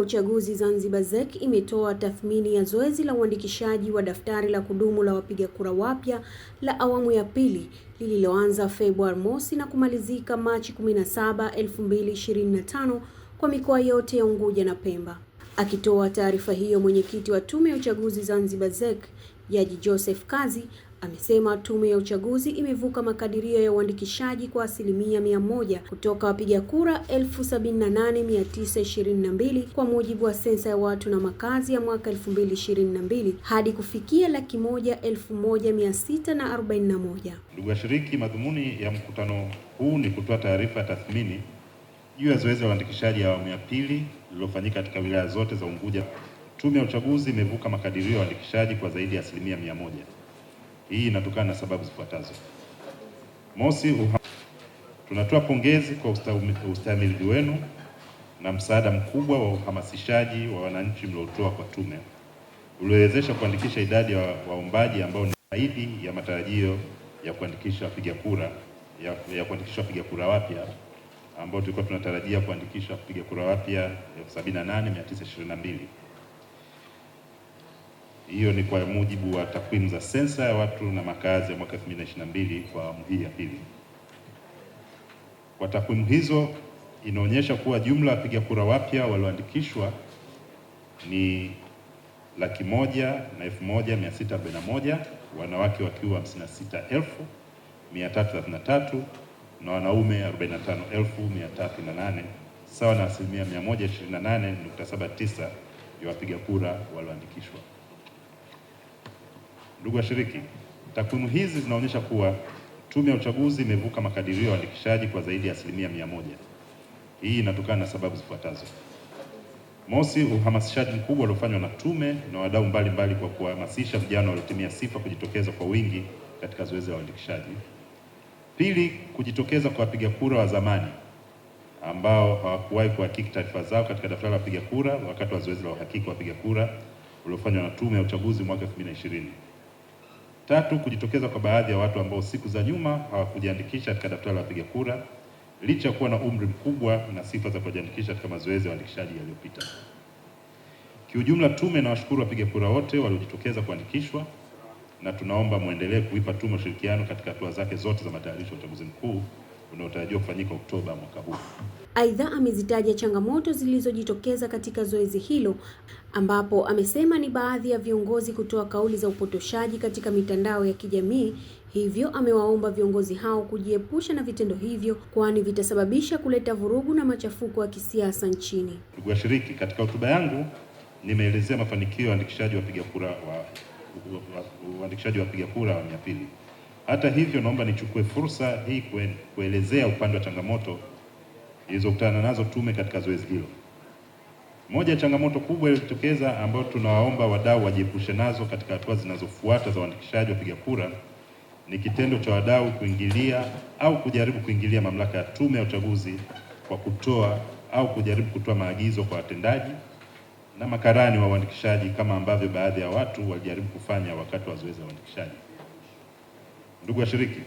uchaguzi Zanzibar ZEC imetoa tathmini ya zoezi la uandikishaji wa daftari la kudumu la wapiga kura wapya la awamu ya pili lililoanza Februari mosi na kumalizika Machi 17, 2025 kwa mikoa yote ya Unguja na Pemba. Akitoa taarifa hiyo, mwenyekiti wa Tume ya Uchaguzi Zanzibar ZEC Jaji Joseph Kazi amesema tume ya uchaguzi imevuka makadirio ya uandikishaji kwa asilimia mia moja kutoka wapiga kura elfu sabini na nane mia tisa ishirini na mbili kwa mujibu wa sensa ya watu na makazi ya mwaka elfu mbili ishirini na mbili hadi kufikia laki moja elfu moja mia sita na arobaini na moja. Ndugu washiriki, madhumuni ya mkutano huu ni kutoa taarifa ya tathmini juu ya zoezi la uandikishaji ya awamu ya pili lililofanyika katika wilaya zote za Unguja. Tume ya uchaguzi imevuka makadirio ya uandikishaji kwa zaidi ya asilimia mia moja. Hii inatokana na sababu zifuatazo. Mosi, tunatoa pongezi kwa ustahimilivu wenu na msaada mkubwa wa uhamasishaji wa wananchi mliotoa kwa tume uliowezesha kuandikisha idadi ya waombaji ambao ni zaidi ya matarajio ya kuandikisha wapiga kura ya, ya kuandikisha wapiga kura wapya ambao tulikuwa tunatarajia kuandikisha wapiga kura wapya 78922. Hiyo ni kwa mujibu wa takwimu za sensa ya watu na makazi ya mwaka 2022 kwa awamu hii ya pili. Kwa takwimu hizo inaonyesha kuwa jumla ya wapiga kura wapya walioandikishwa ni laki moja na elfu moja mia sita arobaini na moja wanawake wakiwa hamsini na sita elfu mia tatu thelathini na tatu na wanaume arobaini na tano elfu mia tatu na nane sawa na asilimia mia moja ishirini na nane nukta saba tisa ya wapiga kura walioandikishwa. Ndugu washiriki, takwimu hizi zinaonyesha kuwa Tume ya Uchaguzi imevuka makadirio ya uandikishaji kwa zaidi ya asilimia mia moja. Hii inatokana na sababu zifuatazo. Mosi, uhamasishaji mkubwa uliofanywa na tume na wadau mbalimbali kwa kuhamasisha vijana waliotimia sifa kujitokeza kwa wingi katika zoezi la uandikishaji. Pili, kujitokeza kwa wapiga kura wa zamani ambao hawakuwahi kuhakiki taarifa zao katika daftari la wapiga kura wakati wa zoezi la uhakiki wa wapiga kura uliofanywa na Tume ya Uchaguzi mwaka 2020. Tatu, kujitokeza kwa baadhi ya watu ambao siku za nyuma hawakujiandikisha katika daftari la wapiga kura licha ya kuwa na umri mkubwa na sifa za kujiandikisha katika mazoezi ya uandikishaji yaliyopita. Kiujumla, tume na washukuru wapiga kura wote waliojitokeza kuandikishwa na tunaomba mwendelee kuipa tume ushirikiano katika hatua zake zote za matayarisho ya uchaguzi mkuu unaotarajiwa kufanyika Oktoba mwaka huu. Aidha, amezitaja changamoto zilizojitokeza katika zoezi hilo ambapo amesema ni baadhi ya viongozi kutoa kauli za upotoshaji katika mitandao ya kijamii, hivyo amewaomba viongozi hao kujiepusha na vitendo hivyo kwani vitasababisha kuleta vurugu na machafuko ya kisiasa nchini. Ndugu washiriki, katika hotuba yangu nimeelezea mafanikio ya uandikishaji wa wapiga kura wa wa, wa, wa, ya pili hata hivyo, naomba nichukue fursa hii kuelezea upande wa changamoto ilizokutana nazo tume katika zoezi hilo. Moja ya changamoto kubwa iliyotokeza ambayo tunawaomba wadau wajiepushe nazo katika hatua zinazofuata za uandikishaji wa piga kura ni kitendo cha wadau kuingilia au kujaribu kuingilia mamlaka ya Tume ya Uchaguzi kwa kutoa au kujaribu kutoa maagizo kwa watendaji na makarani wa uandikishaji kama ambavyo baadhi ya watu walijaribu kufanya wakati wa zoezi la uandikishaji. Ndugu washiriki,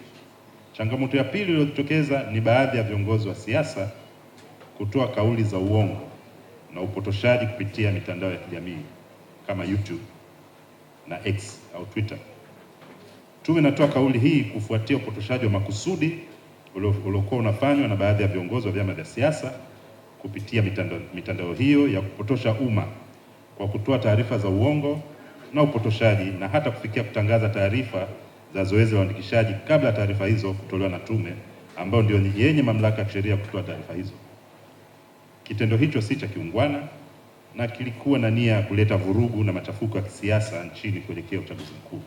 changamoto ya pili iliyojitokeza ni baadhi ya viongozi wa siasa kutoa kauli za uongo na upotoshaji kupitia mitandao ya kijamii kama YouTube na X au Twitter. Tume inatoa kauli hii kufuatia upotoshaji wa makusudi uliokuwa unafanywa na baadhi ya viongozi wa vyama vya siasa kupitia mitandao mitandao hiyo ya kupotosha umma kwa kutoa taarifa za uongo na upotoshaji na hata kufikia kutangaza taarifa za zoezi la uandikishaji kabla ya taarifa hizo kutolewa na tume ambayo ndio yenye mamlaka ya kisheria kutoa taarifa hizo. Kitendo hicho si cha kiungwana na kilikuwa na nia ya kuleta vurugu na machafuko ya kisiasa nchini kuelekea uchaguzi mkuu.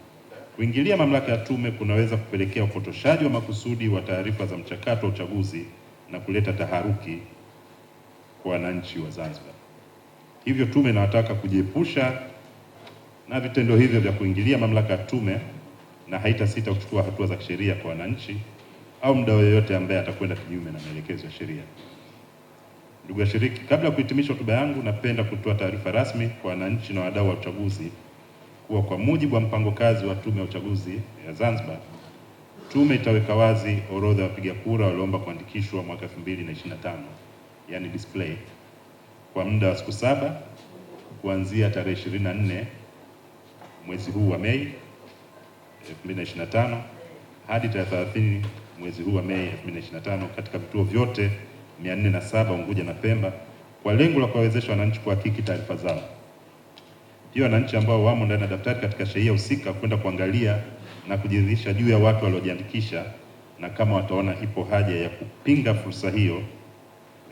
Kuingilia mamlaka ya tume kunaweza kupelekea upotoshaji wa makusudi wa taarifa za mchakato wa uchaguzi na kuleta taharuki kwa wananchi wa Zanzibar. Hivyo tume inawataka kujiepusha na vitendo hivyo vya kuingilia mamlaka ya tume na haitasita kuchukua hatua za kisheria kwa wananchi au mdau yeyote ambaye atakwenda kinyume na maelekezo ya sheria. Ndugu washiriki, kabla ya kuhitimisha hotuba yangu, napenda kutoa taarifa rasmi kwa wananchi na wadau wa uchaguzi kuwa kwa mujibu wa mpango kazi wa Tume ya Uchaguzi ya Zanzibar, tume itaweka wazi orodha ya wapiga kura walioomba kuandikishwa mwaka 2025 yani display kwa muda wa siku saba kuanzia tarehe 24 mwezi huu wa Mei 2025 hadi tarehe 30 mwezi huu wa Mei 2025 katika vituo vyote 407 Unguja na Pemba kwa lengo la kuwawezesha wananchi kuhakiki taarifa zao. Pia wananchi ambao wamo ndani ya daftari katika shehia husika kwenda kuangalia na kujiridhisha juu ya watu waliojiandikisha, na kama wataona ipo haja ya kupinga fursa hiyo,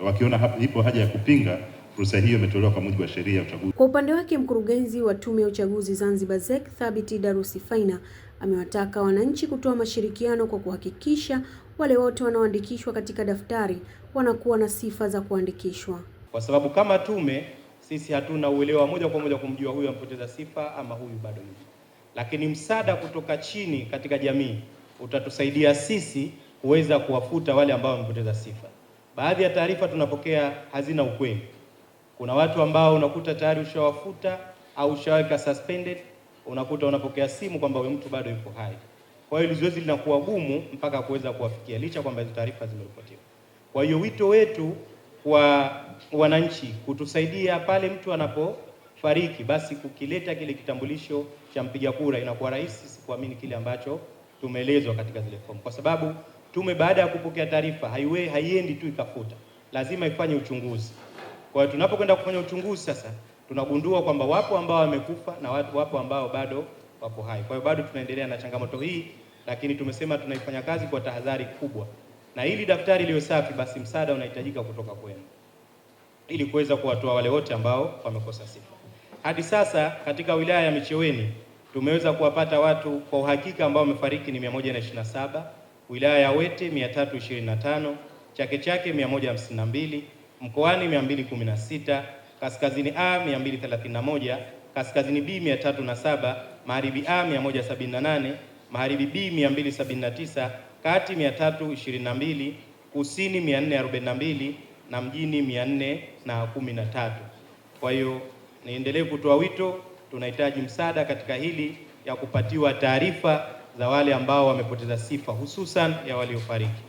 wakiona ipo haja ya kupinga fursa hiyo imetolewa kwa mujibu wa sheria ya uchaguzi. Kwa upande wake, mkurugenzi wa Tume ya Uchaguzi Zanzibar ZEC Thabiti Faina Amewataka wananchi kutoa mashirikiano kwa kuhakikisha wale wote wanaoandikishwa katika daftari wanakuwa na sifa za kuandikishwa, kwa sababu kama tume sisi hatuna uelewa moja kwa moja kumjua huyu ampoteza sifa ama huyu bado yupo, lakini msaada kutoka chini katika jamii utatusaidia sisi kuweza kuwafuta wale ambao wamepoteza sifa. Baadhi ya taarifa tunapokea hazina ukweli. Kuna watu ambao unakuta tayari ushawafuta au ushaweka suspended unakuta unapokea simu kwamba huyo mtu bado yuko hai. Kwa hiyo zoezi linakuwa gumu mpaka kuweza kuwafikia, licha kwamba hizo taarifa zimeripotiwa. Kwa hiyo wito wetu kwa wananchi kutusaidia pale mtu anapofariki, basi kukileta kile kitambulisho cha mpiga kura, inakuwa rahisi kuamini kile ambacho tumeelezwa katika zile fomu, kwa sababu tume baada ya kupokea taarifa haiwe haiendi tu ikafuta, lazima ifanye uchunguzi. Kwa hiyo tunapokwenda kufanya uchunguzi sasa tunagundua kwamba wapo ambao wamekufa na wapo ambao bado wapo hai. Kwa hiyo bado tunaendelea na changamoto hii, lakini tumesema tunaifanya kazi kwa tahadhari kubwa, na ili daftari liwe safi, basi msaada unahitajika kutoka kwenu ili kuweza kuwatoa wale wote ambao wamekosa sifa. Hadi sasa katika wilaya ya Micheweni tumeweza kuwapata watu kwa uhakika ambao wamefariki ni 127, wilaya ya Wete 325, Chake Chake 152, Mkoani 216 kaskazini A 231, kaskazini B 307, magharibi A 178, magharibi B 279, kati 322, kusini 442 na mjini 413. Kwa hiyo niendelee kutoa wito, tunahitaji msaada katika hili ya kupatiwa taarifa za wale ambao wamepoteza sifa hususan ya waliofariki.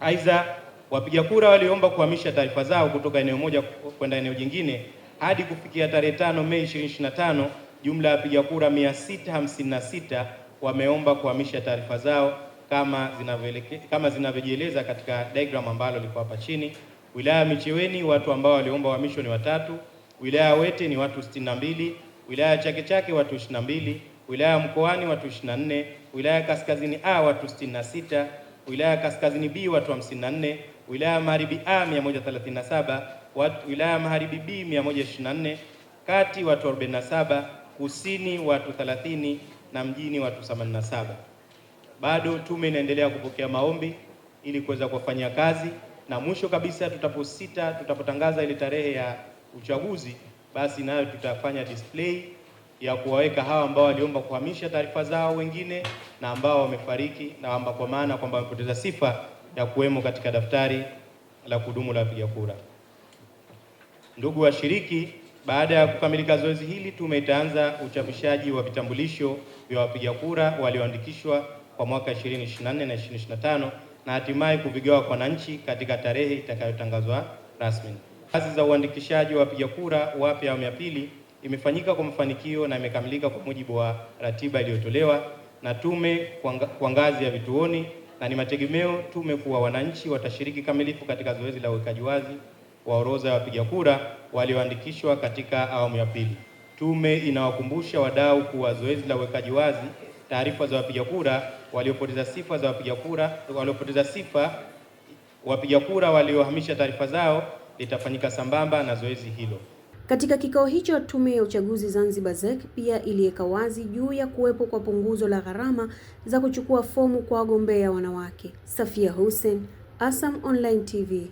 Aidha, Wapiga kura waliomba kuhamisha taarifa zao kutoka eneo moja kwenda eneo jingine hadi kufikia tarehe tano Mei 2025, jumla ya wapiga kura 656 wameomba kuhamisha taarifa zao kama kama zinavyojieleza katika diagram ambalo liko hapa chini. Wilaya Micheweni watu ambao waliomba uhamisho ni watatu, wilaya Wete ni watu 62, wilaya ya Chake Chake watu 22, wilaya ya Mkoani watu 24, wilaya ya Kaskazini A watu 66, wilaya ya Kaskazini B watu 54 wilaya Magharibi A 137, wilaya Magharibi B 124, kati watu 47, kusini watu 30 na mjini watu 87. Bado tume inaendelea kupokea maombi ili kuweza kuwafanyia kazi, na mwisho kabisa tutaposita, tutapotangaza ile tarehe ya uchaguzi, basi nayo tutafanya display ya kuwaweka hawa ambao waliomba kuhamisha taarifa zao wengine na ambao wamefariki na amba kwa maana kwamba wamepoteza sifa ya kuwemo katika daftari la kudumu la wapiga kura. Ndugu washiriki, baada ya kukamilika zoezi hili, tume itaanza uchapishaji wa vitambulisho vya wapiga kura walioandikishwa kwa mwaka 2024 na 2025 na hatimaye kuvigawa kwa wananchi katika tarehe itakayotangazwa rasmi. Kazi za uandikishaji wa wapiga kura wapya awamu ya pili imefanyika kwa mafanikio na imekamilika kwa mujibu wa ratiba iliyotolewa na tume kwa ngazi ya vituoni na ni mategemeo tume kuwa wananchi watashiriki kamilifu katika zoezi la uwekaji wazi wa orodha ya wapiga kura walioandikishwa katika awamu ya pili. Tume inawakumbusha wadau kuwa zoezi la uwekaji wazi taarifa za wapiga kura waliopoteza sifa za wapiga kura waliopoteza sifa wapiga kura waliohamisha taarifa zao litafanyika sambamba na zoezi hilo. Katika kikao hicho, Tume ya Uchaguzi Zanzibar ZEC pia iliweka wazi juu ya kuwepo kwa punguzo la gharama za kuchukua fomu kwa wagombea wanawake. Safia Hussein, ASAM Online TV.